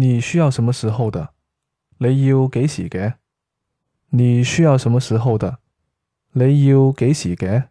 你需要什麼時候的？你要幾時嘅？你需要什麼時候的？你要幾時嘅？